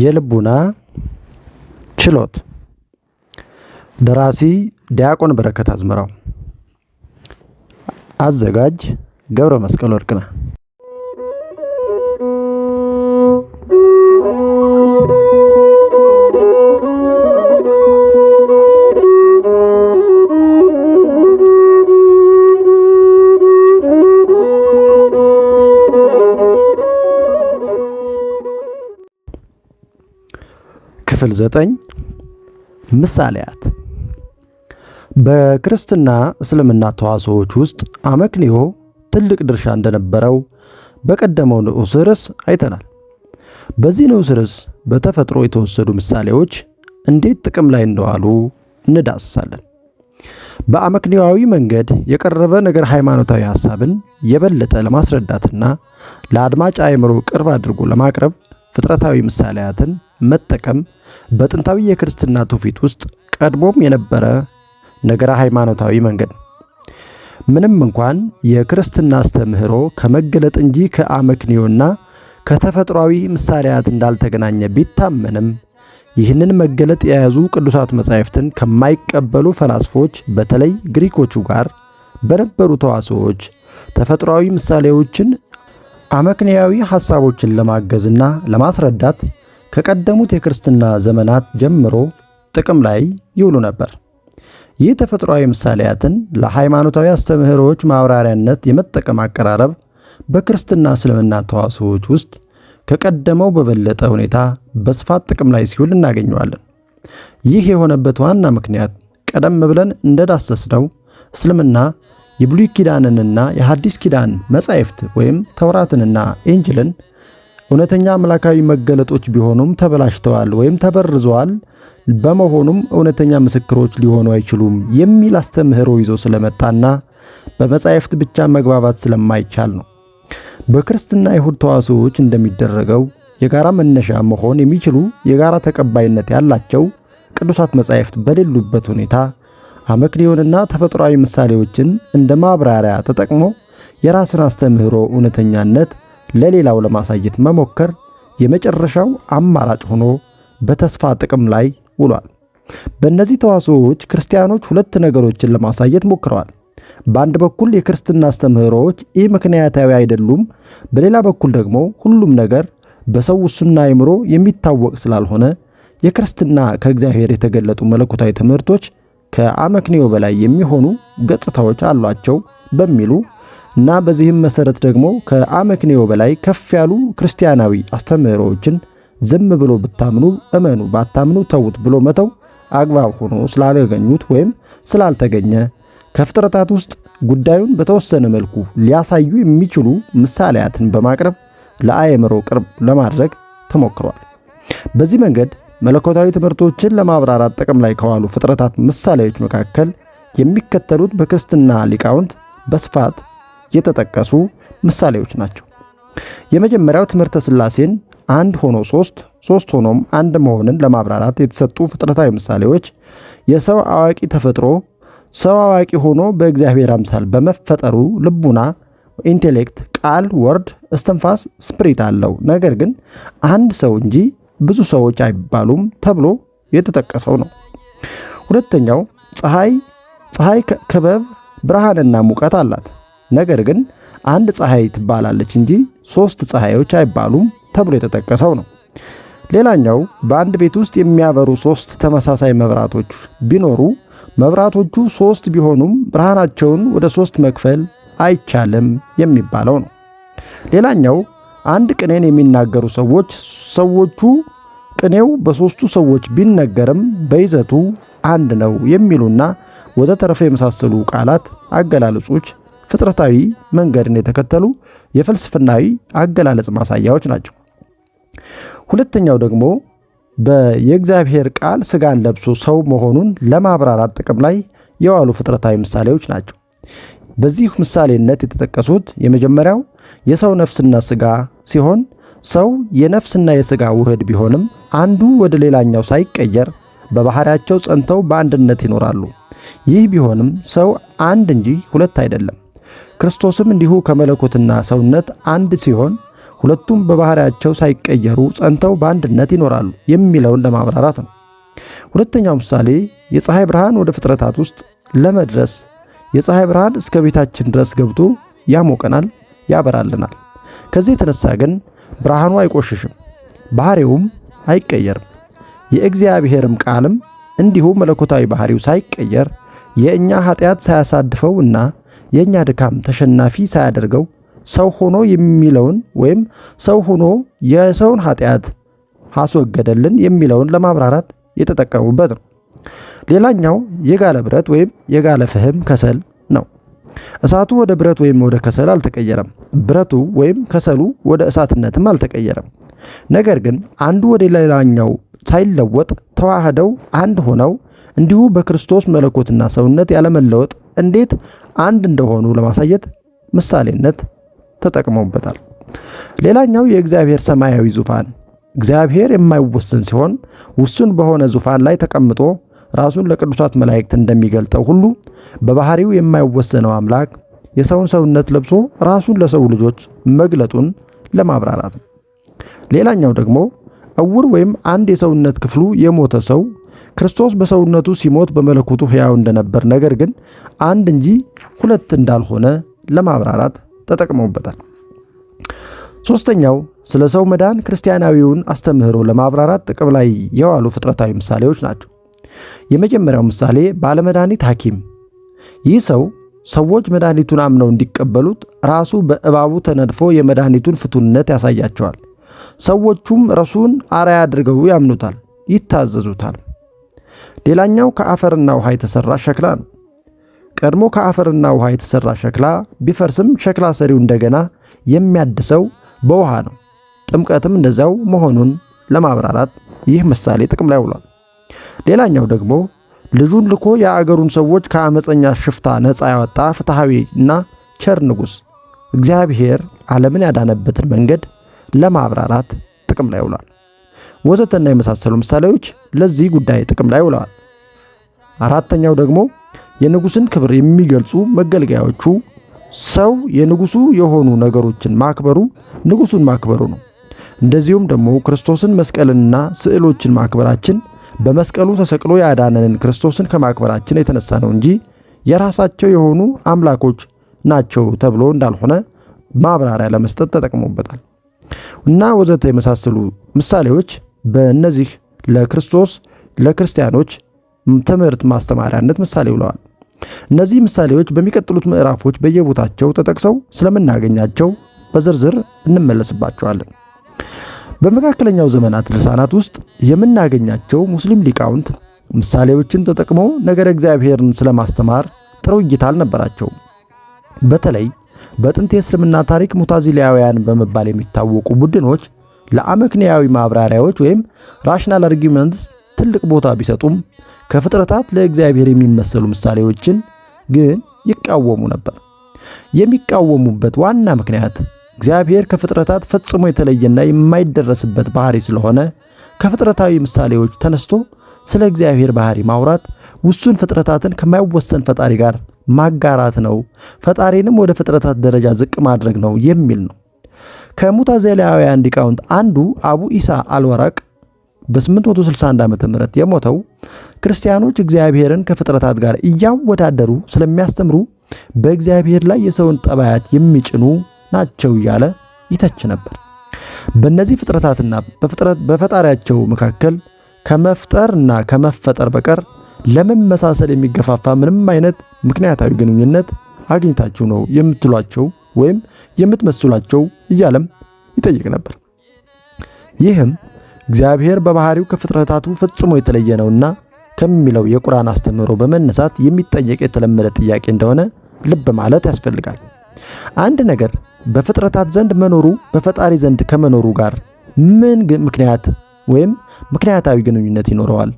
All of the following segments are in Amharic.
የልቡና ችሎት ደራሲ ዲያቆን በረከት አዝመራው፣ አዘጋጅ ገብረ መስቀል ወርቅነህ ክፍል ዘጠኝ ምሳሌያት በክርስትና እስልምና ተዋሶዎች ውስጥ አመክንዮ ትልቅ ድርሻ እንደነበረው በቀደመው ንዑስ ርዕስ አይተናል። በዚህ ንዑስ ርዕስ በተፈጥሮ የተወሰዱ ምሳሌዎች እንዴት ጥቅም ላይ እንደዋሉ እንዳስሳለን። በአመክንዮአዊ መንገድ የቀረበ ነገር ሃይማኖታዊ ሐሳብን የበለጠ ለማስረዳትና ለአድማጭ አእምሮ ቅርብ አድርጎ ለማቅረብ ፍጥረታዊ ምሳሌያትን መጠቀም በጥንታዊ የክርስትና ትውፊት ውስጥ ቀድሞም የነበረ ነገረ ሃይማኖታዊ መንገድ ምንም እንኳን የክርስትና አስተምህሮ ከመገለጥ እንጂ ከአመክንዮና ከተፈጥሯዊ ምሳሌያት እንዳልተገናኘ ቢታመንም ይህንን መገለጥ የያዙ ቅዱሳት መጻሕፍትን ከማይቀበሉ ፈላስፎች በተለይ ግሪኮቹ ጋር በነበሩ ተዋስዎች ተፈጥሯዊ ምሳሌዎችን አመክንያዊ ሐሳቦችን ለማገዝና ለማስረዳት ከቀደሙት የክርስትና ዘመናት ጀምሮ ጥቅም ላይ ይውሉ ነበር። ይህ ተፈጥሯዊ ምሳሌያትን ለሃይማኖታዊ አስተምህሮዎች ማብራሪያነት የመጠቀም አቀራረብ በክርስትና እስልምና ተዋስዎች ውስጥ ከቀደመው በበለጠ ሁኔታ በስፋት ጥቅም ላይ ሲውል እናገኘዋለን። ይህ የሆነበት ዋና ምክንያት ቀደም ብለን እንደዳሰስነው እስልምና የብሉይ ኪዳንንና የሐዲስ ኪዳን መጻሕፍት ወይም ተውራትንና ኢንጅልን እውነተኛ አምላካዊ መገለጦች ቢሆኑም ተበላሽተዋል ወይም ተበርዘዋል፣ በመሆኑም እውነተኛ ምስክሮች ሊሆኑ አይችሉም የሚል አስተምህሮ ይዞ ስለመጣና በመጻሕፍት ብቻ መግባባት ስለማይቻል ነው። በክርስትና ይሁድ ተዋሶዎች እንደሚደረገው የጋራ መነሻ መሆን የሚችሉ የጋራ ተቀባይነት ያላቸው ቅዱሳት መጻሕፍት በሌሉበት ሁኔታ አመክንዮንና ተፈጥሯዊ ምሳሌዎችን እንደ ማብራሪያ ተጠቅሞ የራስን አስተምህሮ እውነተኛነት ለሌላው ለማሳየት መሞከር የመጨረሻው አማራጭ ሆኖ በተስፋ ጥቅም ላይ ውሏል። በእነዚህ ተዋሶዎች ክርስቲያኖች ሁለት ነገሮችን ለማሳየት ሞክረዋል። በአንድ በኩል የክርስትና አስተምህሮዎች ኢ ምክንያታዊ አይደሉም፣ በሌላ በኩል ደግሞ ሁሉም ነገር በሰው ውስና አይምሮ የሚታወቅ ስላልሆነ የክርስትና ከእግዚአብሔር የተገለጡ መለኮታዊ ትምህርቶች ከአመክንዮ በላይ የሚሆኑ ገጽታዎች አሏቸው በሚሉ እና በዚህም መሰረት ደግሞ ከአመክንዮ በላይ ከፍ ያሉ ክርስቲያናዊ አስተምህሮዎችን ዝም ብሎ ብታምኑ እመኑ ባታምኑ ተዉት ብሎ መተው አግባብ ሆኖ ስላልገኙት ወይም ስላልተገኘ ከፍጥረታት ውስጥ ጉዳዩን በተወሰነ መልኩ ሊያሳዩ የሚችሉ ምሳሌያትን በማቅረብ ለአእምሮ ቅርብ ለማድረግ ተሞክሯል። በዚህ መንገድ መለኮታዊ ትምህርቶችን ለማብራራት ጥቅም ላይ ከዋሉ ፍጥረታት ምሳሌዎች መካከል የሚከተሉት በክርስትና ሊቃውንት በስፋት የተጠቀሱ ምሳሌዎች ናቸው። የመጀመሪያው ትምህርተ ስላሴን አንድ ሆኖ ሶስት፣ ሶስት ሆኖም አንድ መሆንን ለማብራራት የተሰጡ ፍጥረታዊ ምሳሌዎች የሰው አዋቂ ተፈጥሮ ሰው አዋቂ ሆኖ በእግዚአብሔር አምሳል በመፈጠሩ ልቡና ኢንቴሌክት፣ ቃል፣ ወርድ፣ እስትንፋስ፣ ስፕሪት አለው ነገር ግን አንድ ሰው እንጂ ብዙ ሰዎች አይባሉም ተብሎ የተጠቀሰው ነው። ሁለተኛው ፀሐይ ፀሐይ ክበብ ብርሃንና ሙቀት አላት። ነገር ግን አንድ ፀሐይ ትባላለች እንጂ ሶስት ፀሐዮች አይባሉም ተብሎ የተጠቀሰው ነው። ሌላኛው በአንድ ቤት ውስጥ የሚያበሩ ሶስት ተመሳሳይ መብራቶች ቢኖሩ መብራቶቹ ሶስት ቢሆኑም ብርሃናቸውን ወደ ሶስት መክፈል አይቻልም የሚባለው ነው። ሌላኛው አንድ ቅኔን የሚናገሩ ሰዎች ሰዎቹ ቅኔው በሶስቱ ሰዎች ቢነገርም በይዘቱ አንድ ነው የሚሉና ወዘተረፈ የመሳሰሉ ቃላት አገላለጾች ፍጥረታዊ መንገድን የተከተሉ የፍልስፍናዊ አገላለጽ ማሳያዎች ናቸው። ሁለተኛው ደግሞ የእግዚአብሔር ቃል ስጋን ለብሶ ሰው መሆኑን ለማብራራት ጥቅም ላይ የዋሉ ፍጥረታዊ ምሳሌዎች ናቸው። በዚህ ምሳሌነት የተጠቀሱት የመጀመሪያው የሰው ነፍስና ስጋ ሲሆን ሰው የነፍስና የስጋ ውህድ ቢሆንም አንዱ ወደ ሌላኛው ሳይቀየር በባህሪያቸው ጸንተው በአንድነት ይኖራሉ። ይህ ቢሆንም ሰው አንድ እንጂ ሁለት አይደለም። ክርስቶስም እንዲሁ ከመለኮትና ሰውነት አንድ ሲሆን ሁለቱም በባህሪያቸው ሳይቀየሩ ጸንተው በአንድነት ይኖራሉ የሚለውን ለማብራራት ነው። ሁለተኛው ምሳሌ የፀሐይ ብርሃን ወደ ፍጥረታት ውስጥ ለመድረስ የፀሐይ ብርሃን እስከ ቤታችን ድረስ ገብቶ ያሞቀናል፣ ያበራልናል። ከዚህ የተነሳ ግን ብርሃኑ አይቆሽሽም፣ ባህሪውም አይቀየርም። የእግዚአብሔርም ቃልም እንዲሁ መለኮታዊ ባህሪው ሳይቀየር የእኛ ኃጢአት ሳያሳድፈው እና የእኛ ድካም ተሸናፊ ሳያደርገው ሰው ሆኖ የሚለውን ወይም ሰው ሆኖ የሰውን ኃጢአት አስወገደልን የሚለውን ለማብራራት የተጠቀሙበት ነው። ሌላኛው የጋለ ብረት ወይም የጋለ ፍህም ከሰል ነው። እሳቱ ወደ ብረት ወይም ወደ ከሰል አልተቀየረም። ብረቱ ወይም ከሰሉ ወደ እሳትነትም አልተቀየረም። ነገር ግን አንዱ ወደ ሌላኛው ሳይለወጥ ተዋህደው አንድ ሆነው እንዲሁ በክርስቶስ መለኮትና ሰውነት ያለመለወጥ እንዴት አንድ እንደሆኑ ለማሳየት ምሳሌነት ተጠቅመውበታል። ሌላኛው የእግዚአብሔር ሰማያዊ ዙፋን እግዚአብሔር የማይወሰን ሲሆን ውሱን በሆነ ዙፋን ላይ ተቀምጦ ራሱን ለቅዱሳት መላእክት እንደሚገልጠው ሁሉ በባህሪው የማይወሰነው አምላክ የሰውን ሰውነት ለብሶ ራሱን ለሰው ልጆች መግለጡን ለማብራራት ነው። ሌላኛው ደግሞ እውር ወይም አንድ የሰውነት ክፍሉ የሞተ ሰው ክርስቶስ በሰውነቱ ሲሞት በመለኮቱ ሕያው እንደነበር፣ ነገር ግን አንድ እንጂ ሁለት እንዳልሆነ ለማብራራት ተጠቅመውበታል። ሶስተኛው ስለ ሰው መዳን ክርስቲያናዊውን አስተምህሮ ለማብራራት ጥቅም ላይ የዋሉ ፍጥረታዊ ምሳሌዎች ናቸው። የመጀመሪያው ምሳሌ ባለመድኃኒት ሐኪም። ይህ ሰው ሰዎች መድኃኒቱን አምነው እንዲቀበሉት ራሱ በእባቡ ተነድፎ የመድኃኒቱን ፍቱንነት ያሳያቸዋል። ሰዎቹም ረሱን አርአያ አድርገው ያምኑታል፣ ይታዘዙታል። ሌላኛው ከአፈርና ውሃ የተሠራ ሸክላ ነው። ቀድሞ ከአፈርና ውሃ የተሠራ ሸክላ ቢፈርስም ሸክላ ሰሪው እንደገና የሚያድሰው በውሃ ነው። ጥምቀትም እንደዚያው መሆኑን ለማብራራት ይህ ምሳሌ ጥቅም ላይ ውሏል። ሌላኛው ደግሞ ልጁን ልኮ የአገሩን ሰዎች ከአመፀኛ ሽፍታ ነፃ ያወጣ እና ቸር ንጉሥ እግዚአብሔር ዓለምን ያዳነበትን መንገድ ለማብራራት ጥቅም ላይ ውሏል። ወዘተና የመሳሰሉ ምሳሌዎች ለዚህ ጉዳይ ጥቅም ላይ ውለዋል። አራተኛው ደግሞ የንጉስን ክብር የሚገልጹ መገልገያዎቹ ሰው የንጉሱ የሆኑ ነገሮችን ማክበሩ ንጉሱን ማክበሩ ነው። እንደዚሁም ደግሞ ክርስቶስን መስቀልንና ስዕሎችን ማክበራችን በመስቀሉ ተሰቅሎ ያዳነንን ክርስቶስን ከማክበራችን የተነሳ ነው እንጂ የራሳቸው የሆኑ አምላኮች ናቸው ተብሎ እንዳልሆነ ማብራሪያ ለመስጠት ተጠቅሞበታል። እና ወዘተ የመሳሰሉ ምሳሌዎች በእነዚህ ለክርስቶስ ለክርስቲያኖች ትምህርት ማስተማሪያነት ምሳሌ ብለዋል። እነዚህ ምሳሌዎች በሚቀጥሉት ምዕራፎች በየቦታቸው ተጠቅሰው ስለምናገኛቸው በዝርዝር እንመለስባቸዋለን። በመካከለኛው ዘመናት ልሳናት ውስጥ የምናገኛቸው ሙስሊም ሊቃውንት ምሳሌዎችን ተጠቅመው ነገረ እግዚአብሔርን ስለማስተማር ጥሩ እይታ አልነበራቸውም። በተለይ በጥንት የእስልምና ታሪክ ሙታዚሊያውያን በመባል የሚታወቁ ቡድኖች ለአመክንያዊ ማብራሪያዎች ወይም ራሽናል አርጊመንትስ ትልቅ ቦታ ቢሰጡም ከፍጥረታት ለእግዚአብሔር የሚመሰሉ ምሳሌዎችን ግን ይቃወሙ ነበር። የሚቃወሙበት ዋና ምክንያት እግዚአብሔር ከፍጥረታት ፈጽሞ የተለየና የማይደረስበት ባህሪ ስለሆነ ከፍጥረታዊ ምሳሌዎች ተነስቶ ስለ እግዚአብሔር ባህሪ ማውራት ውሱን ፍጥረታትን ከማይወሰን ፈጣሪ ጋር ማጋራት ነው፣ ፈጣሪንም ወደ ፍጥረታት ደረጃ ዝቅ ማድረግ ነው የሚል ነው። ከሙታዘላውያን ሊቃውንት አንዱ አቡ ኢሳ አልወራቅ በ861 ዓ ም የሞተው ክርስቲያኖች እግዚአብሔርን ከፍጥረታት ጋር እያወዳደሩ ስለሚያስተምሩ በእግዚአብሔር ላይ የሰውን ጠባያት የሚጭኑ ናቸው እያለ ይተች ነበር። በእነዚህ ፍጥረታትና በፈጣሪያቸው መካከል ከመፍጠርና ከመፈጠር በቀር ለመመሳሰል የሚገፋፋ ምንም አይነት ምክንያታዊ ግንኙነት አግኝታችሁ ነው የምትሏቸው ወይም የምትመስሏቸው እያለም ይጠይቅ ነበር። ይህም እግዚአብሔር በባህሪው ከፍጥረታቱ ፈጽሞ የተለየ ነውና ከሚለው የቁርአን አስተምህሮ በመነሳት የሚጠየቅ የተለመደ ጥያቄ እንደሆነ ልብ ማለት ያስፈልጋል። አንድ ነገር በፍጥረታት ዘንድ መኖሩ በፈጣሪ ዘንድ ከመኖሩ ጋር ምን ምክንያት ወይም ምክንያታዊ ግንኙነት ይኖረዋል?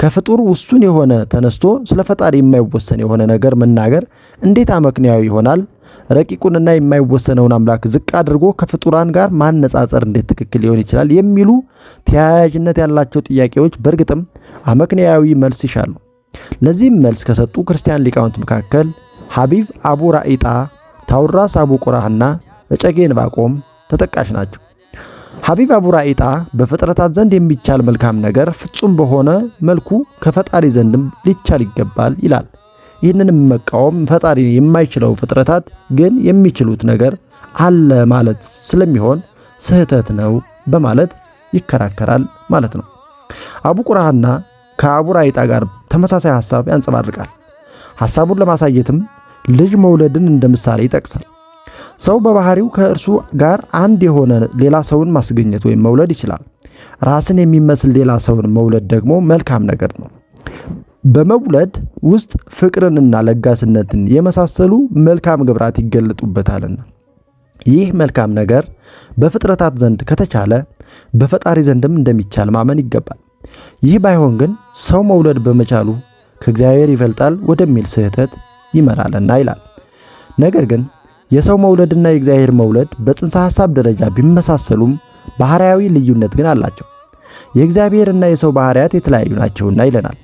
ከፍጡር ውሱን የሆነ ተነስቶ ስለ ፈጣሪ የማይወሰን የሆነ ነገር መናገር እንዴት አመክንያዊ ይሆናል? ረቂቁንና የማይወሰነውን አምላክ ዝቅ አድርጎ ከፍጡራን ጋር ማነጻጸር እንዴት ትክክል ሊሆን ይችላል? የሚሉ ተያያዥነት ያላቸው ጥያቄዎች በእርግጥም አመክንያዊ መልስ ይሻሉ። ለዚህም መልስ ከሰጡ ክርስቲያን ሊቃውንት መካከል ሐቢብ አቡ ራኢጣ፣ ታውራስ አቡ ቁራህና እጨጌ ዕንባቆም ተጠቃሽ ናቸው። ሀቢብ አቡራኢጣ በፍጥረታት ዘንድ የሚቻል መልካም ነገር ፍጹም በሆነ መልኩ ከፈጣሪ ዘንድም ሊቻል ይገባል ይላል። ይህንንም መቃወም ፈጣሪ የማይችለው ፍጥረታት ግን የሚችሉት ነገር አለ ማለት ስለሚሆን ስህተት ነው በማለት ይከራከራል ማለት ነው። አቡ ቁርሃና ከአቡራኢጣ ጋር ተመሳሳይ ሐሳብ ያንጸባርቃል። ሐሳቡን ለማሳየትም ልጅ መውለድን እንደ ምሳሌ ይጠቅሳል። ሰው በባህሪው ከእርሱ ጋር አንድ የሆነ ሌላ ሰውን ማስገኘት ወይም መውለድ ይችላል። ራስን የሚመስል ሌላ ሰውን መውለድ ደግሞ መልካም ነገር ነው። በመውለድ ውስጥ ፍቅርንና ለጋስነትን የመሳሰሉ መልካም ግብራት ይገለጡበታልና ይህ መልካም ነገር በፍጥረታት ዘንድ ከተቻለ በፈጣሪ ዘንድም እንደሚቻል ማመን ይገባል። ይህ ባይሆን ግን ሰው መውለድ በመቻሉ ከእግዚአብሔር ይበልጣል ወደሚል ስህተት ይመራልና ይላል። ነገር ግን የሰው መውለድና የእግዚአብሔር መውለድ በጽንሰ ሐሳብ ደረጃ ቢመሳሰሉም ባህሪያዊ ልዩነት ግን አላቸው። የእግዚአብሔርና የሰው ባህሪያት የተለያዩ ናቸውና ይለናል።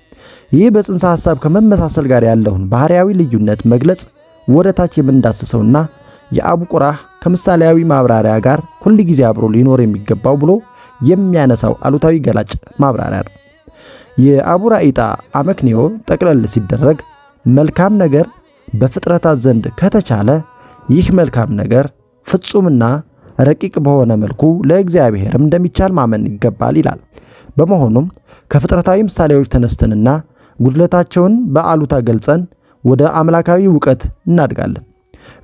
ይህ በጽንሰ ሐሳብ ከመመሳሰል ጋር ያለውን ባህሪያዊ ልዩነት መግለጽ ወደታች የምንዳስሰውና የአቡ ቁራህ ከምሳሌያዊ ማብራሪያ ጋር ሁል ጊዜ አብሮ ሊኖር የሚገባው ብሎ የሚያነሳው አሉታዊ ገላጭ ማብራሪያ ነው። የአቡ ራኢጣ አመክንዮ ጠቅለል ሲደረግ መልካም ነገር በፍጥረታት ዘንድ ከተቻለ ይህ መልካም ነገር ፍጹምና ረቂቅ በሆነ መልኩ ለእግዚአብሔርም እንደሚቻል ማመን ይገባል ይላል። በመሆኑም ከፍጥረታዊ ምሳሌዎች ተነስተንና ጉድለታቸውን በአሉታ ገልጸን ወደ አምላካዊ እውቀት እናድጋለን።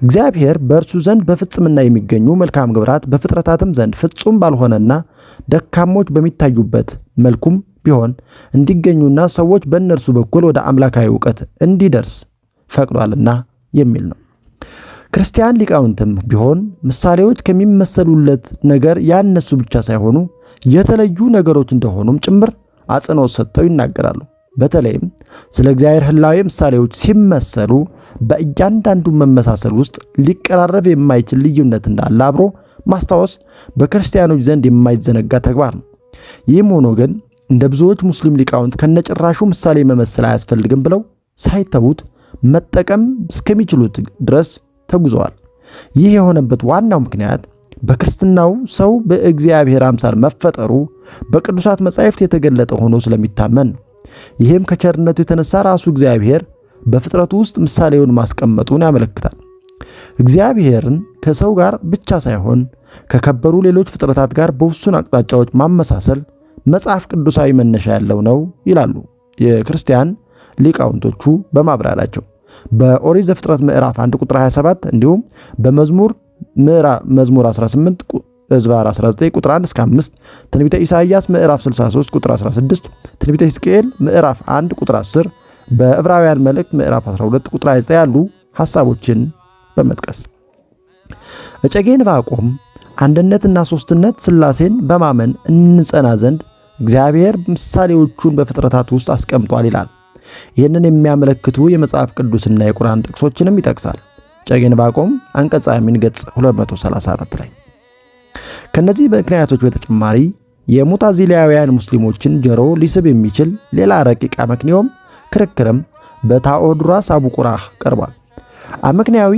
እግዚአብሔር በእርሱ ዘንድ በፍጽምና የሚገኙ መልካም ግብራት በፍጥረታትም ዘንድ ፍጹም ባልሆነና ደካሞች በሚታዩበት መልኩም ቢሆን እንዲገኙና ሰዎች በእነርሱ በኩል ወደ አምላካዊ እውቀት እንዲደርስ ፈቅዷልና የሚል ነው። ክርስቲያን ሊቃውንትም ቢሆን ምሳሌዎች ከሚመሰሉለት ነገር ያነሱ ብቻ ሳይሆኑ የተለዩ ነገሮች እንደሆኑም ጭምር አጽንኦት ሰጥተው ይናገራሉ። በተለይም ስለ እግዚአብሔር ህላዊ ምሳሌዎች ሲመሰሉ በእያንዳንዱ መመሳሰል ውስጥ ሊቀራረብ የማይችል ልዩነት እንዳለ አብሮ ማስታወስ በክርስቲያኖች ዘንድ የማይዘነጋ ተግባር ነው። ይህም ሆኖ ግን እንደ ብዙዎች ሙስሊም ሊቃውንት ከነጭራሹ ምሳሌ መመሰል አያስፈልግም ብለው ሳይተዉት መጠቀም እስከሚችሉት ድረስ ተጉዘዋል። ይህ የሆነበት ዋናው ምክንያት በክርስትናው ሰው በእግዚአብሔር አምሳል መፈጠሩ በቅዱሳት መጻሕፍት የተገለጠ ሆኖ ስለሚታመን ነው። ይህም ከቸርነቱ የተነሳ ራሱ እግዚአብሔር በፍጥረቱ ውስጥ ምሳሌውን ማስቀመጡን ያመለክታል። እግዚአብሔርን ከሰው ጋር ብቻ ሳይሆን ከከበሩ ሌሎች ፍጥረታት ጋር በውሱን አቅጣጫዎች ማመሳሰል መጽሐፍ ቅዱሳዊ መነሻ ያለው ነው ይላሉ የክርስቲያን ሊቃውንቶቹ በማብራሪያቸው። በኦሪት ዘፍጥረት ምዕራፍ 1 ቁጥር 27 እንዲሁም በመዝሙር መዝሙር 18 ዕዝባር 19 ቁጥር 1 እስከ 5 ትንቢተ ኢሳይያስ ምዕራፍ 63 ቁጥር 16 ትንቢተ ሕዝቅኤል ምዕራፍ 1 ቁጥር 10 በዕብራውያን መልእክት ምዕራፍ 12 ቁጥር 29 ያሉ ሐሳቦችን በመጥቀስ እጨጌ ንባቆም አንድነትና ሶስትነት ሥላሴን በማመን እንጸና ዘንድ እግዚአብሔር ምሳሌዎቹን በፍጥረታት ውስጥ አስቀምጧል ይላል። ይህንን የሚያመለክቱ የመጽሐፍ ቅዱስና የቁርአን ጥቅሶችንም ይጠቅሳል። ጨጌን ባቆም አንቀጽ አሚን ገጽ 234 ላይ። ከነዚህ ምክንያቶች በተጨማሪ የሙታዚሊያውያን ሙስሊሞችን ጆሮ ሊስብ የሚችል ሌላ ረቂቅ አመክንዮም ክርክርም በታኦድራስ አቡቁራህ ቀርቧል። አመክንያዊ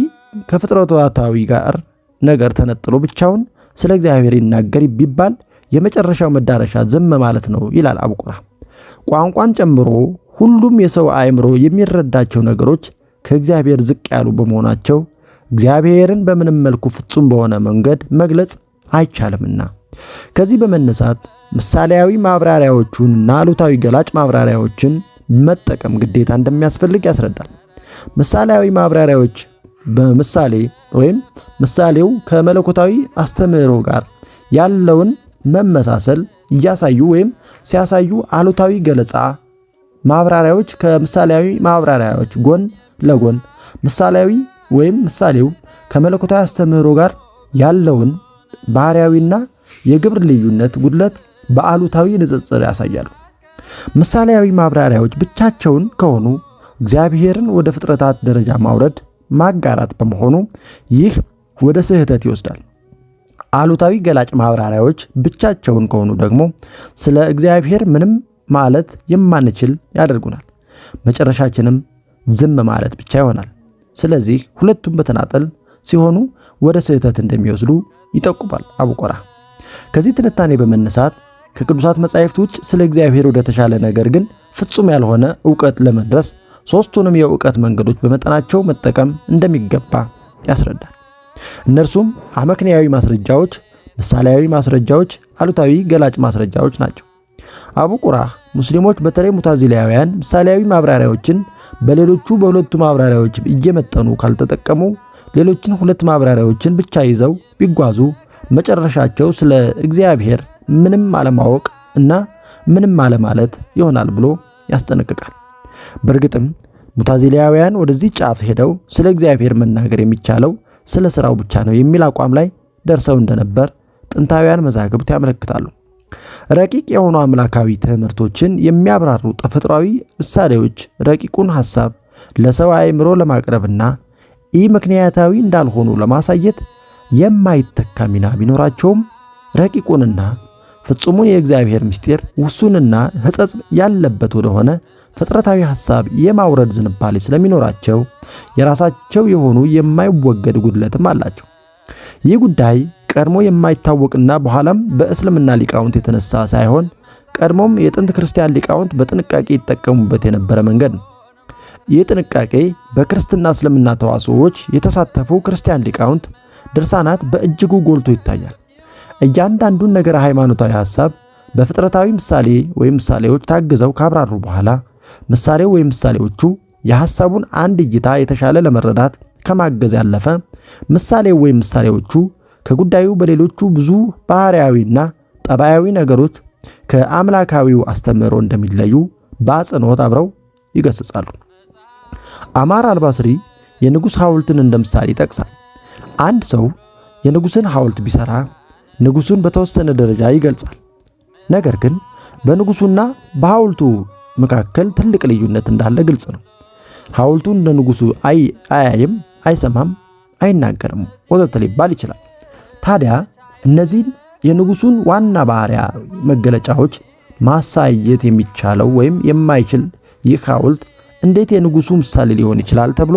ከፍጥረታዊ ጋር ነገር ተነጥሎ ብቻውን ስለ እግዚአብሔር ይናገር ቢባል የመጨረሻው መዳረሻ ዝም ማለት ነው ይላል አቡቁራህ። ቋንቋን ጨምሮ ሁሉም የሰው አእምሮ የሚረዳቸው ነገሮች ከእግዚአብሔር ዝቅ ያሉ በመሆናቸው እግዚአብሔርን በምንም መልኩ ፍጹም በሆነ መንገድ መግለጽ አይቻልምና ከዚህ በመነሳት ምሳሌያዊ ማብራሪያዎቹንና አሉታዊ ገላጭ ማብራሪያዎችን መጠቀም ግዴታ እንደሚያስፈልግ ያስረዳል። ምሳሌያዊ ማብራሪያዎች በምሳሌ ወይም ምሳሌው ከመለኮታዊ አስተምህሮ ጋር ያለውን መመሳሰል እያሳዩ ወይም ሲያሳዩ አሉታዊ ገለጻ ማብራሪያዎች ከምሳሌያዊ ማብራሪያዎች ጎን ለጎን ምሳሌያዊ ወይም ምሳሌው ከመለኮታዊ አስተምህሮ ጋር ያለውን ባህርያዊና የግብር ልዩነት ጉድለት በአሉታዊ ንጽጽር ያሳያሉ። ምሳሌያዊ ማብራሪያዎች ብቻቸውን ከሆኑ እግዚአብሔርን ወደ ፍጥረታት ደረጃ ማውረድ ማጋራት በመሆኑ ይህ ወደ ስህተት ይወስዳል። አሉታዊ ገላጭ ማብራሪያዎች ብቻቸውን ከሆኑ ደግሞ ስለ እግዚአብሔር ምንም ማለት የማንችል ያደርጉናል። መጨረሻችንም ዝም ማለት ብቻ ይሆናል። ስለዚህ ሁለቱም በተናጠል ሲሆኑ ወደ ስህተት እንደሚወስዱ ይጠቁማል አቡቆራ። ከዚህ ትንታኔ በመነሳት ከቅዱሳት መጻሕፍት ውጭ ስለ እግዚአብሔር ወደ ተሻለ ነገር ግን ፍጹም ያልሆነ እውቀት ለመድረስ ሦስቱንም የእውቀት መንገዶች በመጠናቸው መጠቀም እንደሚገባ ያስረዳል። እነርሱም አመክንያዊ ማስረጃዎች፣ ምሳሌያዊ ማስረጃዎች፣ አሉታዊ ገላጭ ማስረጃዎች ናቸው። አቡ ቁራህ ሙስሊሞች በተለይ ሙታዚላውያን ምሳሌያዊ ማብራሪያዎችን በሌሎቹ በሁለቱ ማብራሪያዎች እየመጠኑ ካልተጠቀሙ ሌሎችን ሁለት ማብራሪያዎችን ብቻ ይዘው ቢጓዙ መጨረሻቸው ስለ እግዚአብሔር ምንም አለማወቅ እና ምንም አለማለት ይሆናል ብሎ ያስጠነቅቃል። በእርግጥም ሙታዚላውያን ወደዚህ ጫፍ ሄደው ስለ እግዚአብሔር መናገር የሚቻለው ስለ ሥራው ብቻ ነው የሚል አቋም ላይ ደርሰው እንደነበር ጥንታውያን መዛግብት ያመለክታሉ። ረቂቅ የሆኑ አምላካዊ ትምህርቶችን የሚያብራሩ ተፈጥሯዊ ምሳሌዎች ረቂቁን ሐሳብ ለሰው አእምሮ ለማቅረብና ኢ ምክንያታዊ እንዳልሆኑ ለማሳየት የማይተካ ሚና ቢኖራቸውም ረቂቁንና ፍጹሙን የእግዚአብሔር ምስጢር ውሱንና ሕጸጽ ያለበት ወደሆነ ፍጥረታዊ ሐሳብ የማውረድ ዝንባሌ ስለሚኖራቸው የራሳቸው የሆኑ የማይወገድ ጉድለትም አላቸው። ይህ ጉዳይ ቀድሞ የማይታወቅና በኋላም በእስልምና ሊቃውንት የተነሳ ሳይሆን ቀድሞም የጥንት ክርስቲያን ሊቃውንት በጥንቃቄ ይጠቀሙበት የነበረ መንገድ ነው። ይህ ጥንቃቄ በክርስትና እስልምና ተዋስኦዎች የተሳተፉ ክርስቲያን ሊቃውንት ድርሳናት በእጅጉ ጎልቶ ይታያል። እያንዳንዱን ነገር ሃይማኖታዊ ሐሳብ በፍጥረታዊ ምሳሌ ወይም ምሳሌዎች ታግዘው ካብራሩ በኋላ ምሳሌው ወይም ምሳሌዎቹ የሐሳቡን አንድ እይታ የተሻለ ለመረዳት ከማገዝ ያለፈ ምሳሌው ወይም ምሳሌዎቹ ከጉዳዩ በሌሎቹ ብዙ ባህርያዊና ጠባያዊ ነገሮች ከአምላካዊው አስተምህሮ እንደሚለዩ በአጽንኦት አብረው ይገስጻሉ። አማር አልባስሪ የንጉሥ ሐውልትን እንደ ምሳሌ ይጠቅሳል። አንድ ሰው የንጉሥን ሐውልት ቢሠራ ንጉሡን በተወሰነ ደረጃ ይገልጻል። ነገር ግን በንጉሡና በሐውልቱ መካከል ትልቅ ልዩነት እንዳለ ግልጽ ነው። ሐውልቱ እንደ ንጉሡ አያይም፣ አይሰማም፣ አይናገርም ወዘተ ሊባል ይችላል። ታዲያ እነዚህን የንጉሱን ዋና ባሪያ መገለጫዎች ማሳየት የሚቻለው ወይም የማይችል ይህ ሐውልት እንዴት የንጉሱ ምሳሌ ሊሆን ይችላል ተብሎ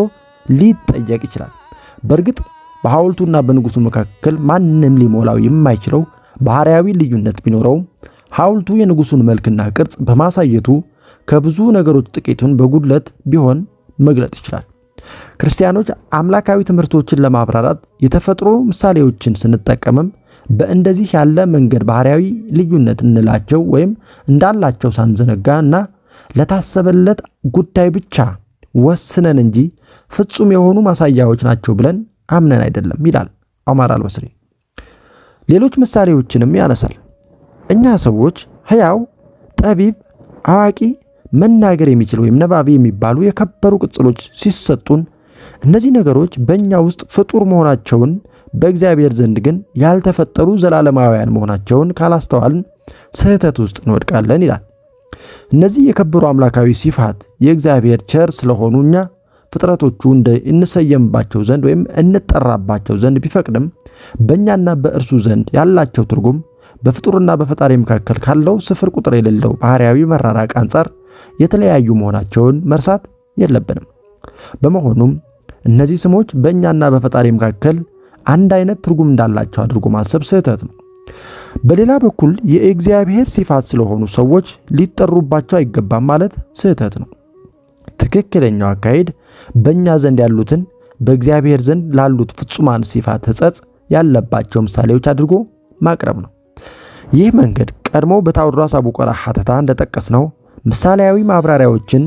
ሊጠየቅ ይችላል። በእርግጥ በሐውልቱና በንጉሱ መካከል ማንም ሊሞላው የማይችለው ባህሪያዊ ልዩነት ቢኖረውም ሐውልቱ የንጉሱን መልክና ቅርጽ በማሳየቱ ከብዙ ነገሮች ጥቂቱን በጉድለት ቢሆን መግለጥ ይችላል። ክርስቲያኖች አምላካዊ ትምህርቶችን ለማብራራት የተፈጥሮ ምሳሌዎችን ስንጠቀምም በእንደዚህ ያለ መንገድ ባህርያዊ ልዩነት እንላቸው ወይም እንዳላቸው ሳንዘነጋ እና ለታሰበለት ጉዳይ ብቻ ወስነን እንጂ ፍጹም የሆኑ ማሳያዎች ናቸው ብለን አምነን አይደለም ይላል ዑመር አልበስሪ። ሌሎች ምሳሌዎችንም ያነሳል። እኛ ሰዎች ሕያው፣ ጠቢብ፣ አዋቂ መናገር የሚችል ወይም ነባቢ የሚባሉ የከበሩ ቅጽሎች ሲሰጡን እነዚህ ነገሮች በእኛ ውስጥ ፍጡር መሆናቸውን በእግዚአብሔር ዘንድ ግን ያልተፈጠሩ ዘላለማውያን መሆናቸውን ካላስተዋልን ስህተት ውስጥ እንወድቃለን ይላል። እነዚህ የከበሩ አምላካዊ ሲፋት የእግዚአብሔር ቸር ስለሆኑ እኛ ፍጥረቶቹ እንደ እንሰየምባቸው ዘንድ ወይም እንጠራባቸው ዘንድ ቢፈቅድም በእኛና በእርሱ ዘንድ ያላቸው ትርጉም በፍጡርና በፈጣሪ መካከል ካለው ስፍር ቁጥር የሌለው ባህርያዊ መራራቅ አንጻር የተለያዩ መሆናቸውን መርሳት የለብንም። በመሆኑም እነዚህ ስሞች በእኛና በፈጣሪ መካከል አንድ አይነት ትርጉም እንዳላቸው አድርጎ ማሰብ ስህተት ነው። በሌላ በኩል የእግዚአብሔር ሲፋት ስለሆኑ ሰዎች ሊጠሩባቸው አይገባም ማለት ስህተት ነው። ትክክለኛው አካሄድ በእኛ ዘንድ ያሉትን በእግዚአብሔር ዘንድ ላሉት ፍጹማን ሲፋት ሕጸጽ ያለባቸው ምሳሌዎች አድርጎ ማቅረብ ነው። ይህ መንገድ ቀድሞ በታውድሯስ አቡቀራ ሐተታ እንደጠቀስነው ምሳሌያዊ ማብራሪያዎችን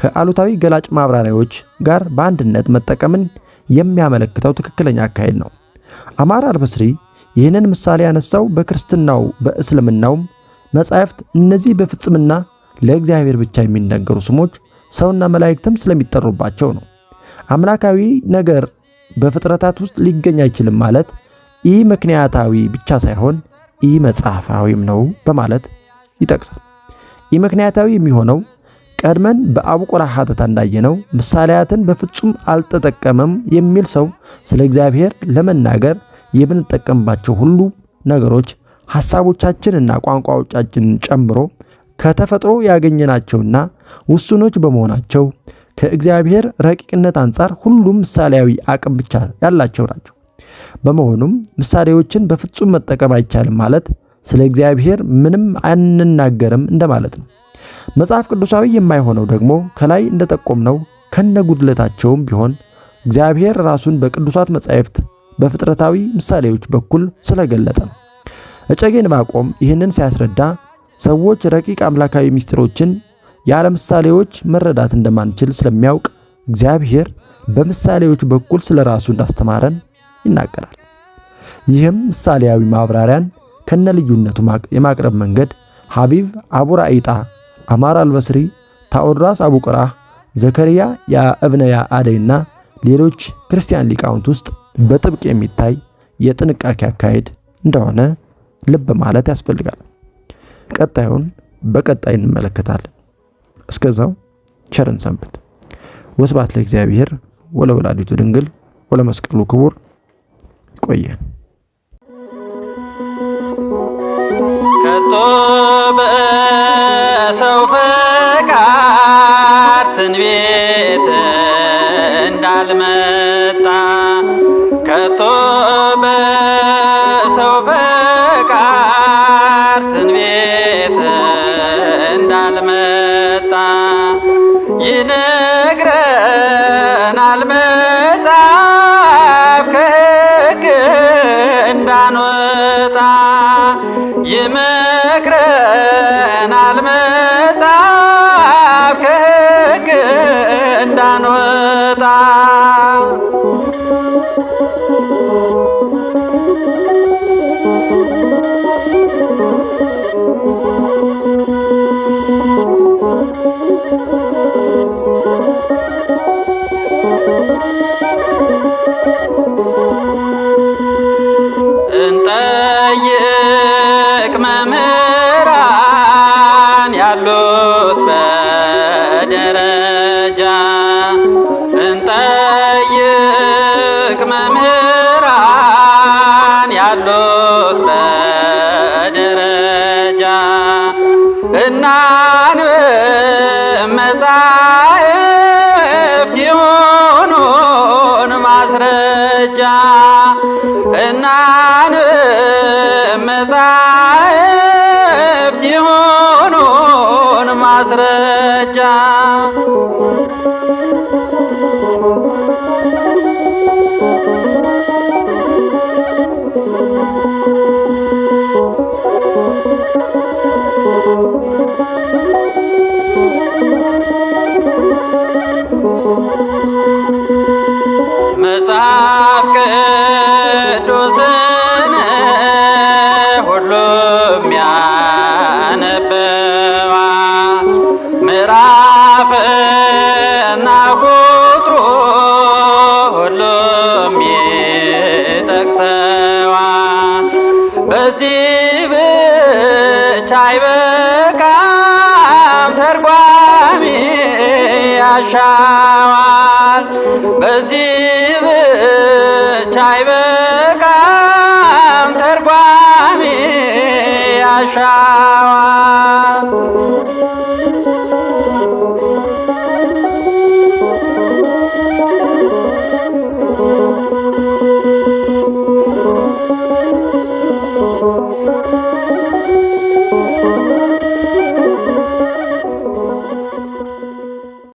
ከአሉታዊ ገላጭ ማብራሪያዎች ጋር በአንድነት መጠቀምን የሚያመለክተው ትክክለኛ አካሄድ ነው። አማር አልበስሪ ይህንን ምሳሌ ያነሳው በክርስትናው በእስልምናውም መጻሕፍት እነዚህ በፍጽምና ለእግዚአብሔር ብቻ የሚነገሩ ስሞች ሰውና መላእክትም ስለሚጠሩባቸው ነው። አምላካዊ ነገር በፍጥረታት ውስጥ ሊገኝ አይችልም ማለት ኢ ምክንያታዊ ብቻ ሳይሆን ኢ መጽሐፋዊም ነው በማለት ይጠቅሳል። ይህ ምክንያታዊ የሚሆነው ቀድመን በአቡቆራ ሀተታ እንዳየነው ምሳሌያትን በፍጹም አልተጠቀመም የሚል ሰው ስለ እግዚአብሔር ለመናገር የምንጠቀምባቸው ሁሉ ነገሮች ሐሳቦቻችንና ቋንቋዎቻችንን ጨምሮ ከተፈጥሮ ያገኘናቸውና ውሱኖች በመሆናቸው ከእግዚአብሔር ረቂቅነት አንጻር ሁሉም ምሳሌያዊ አቅም ብቻ ያላቸው ናቸው። በመሆኑም ምሳሌዎችን በፍጹም መጠቀም አይቻልም ማለት ስለ እግዚአብሔር ምንም አንናገርም እንደማለት ነው። መጽሐፍ ቅዱሳዊ የማይሆነው ደግሞ ከላይ እንደጠቆምነው ከነጉድለታቸውም ቢሆን እግዚአብሔር ራሱን በቅዱሳት መጻሕፍት በፍጥረታዊ ምሳሌዎች በኩል ስለገለጠ ነው። እጨጌ ዕንባቆም ይህንን ሲያስረዳ ሰዎች ረቂቅ አምላካዊ ምስጢሮችን ያለ ምሳሌዎች መረዳት እንደማንችል ስለሚያውቅ እግዚአብሔር በምሳሌዎች በኩል ስለ ራሱ እንዳስተማረን ይናገራል። ይህም ምሳሌያዊ ማብራሪያን ከነልዩነቱ የማቅረብ መንገድ ሐቢብ አቡራኢጣ፣ አማር አልበስሪ፣ ታኦድራስ አቡ ዘከርያ ዘከሪያ አደይና ሌሎች ክርስቲያን ሊቃውንት ውስጥ በጥብቅ የሚታይ የጥንቃቄ አካሄድ እንደሆነ ልብ ማለት ያስፈልጋል። ቀጣዩን በቀጣይ እንመለከታለን። እስከዛው ቸርን ሰንብት። ወስብሐት ለእግዚአብሔር ወለወላዲቱ ድንግል ወለመስቀሉ ክቡር። ይቆየን። በሰው ፈቃድ ትንቢት እንዳልመጣ ከቶ ከጥግ እንዳንወጣ እንጠይ ደረጃ እናን መጻሕፍት የሆኑን ማስረጃ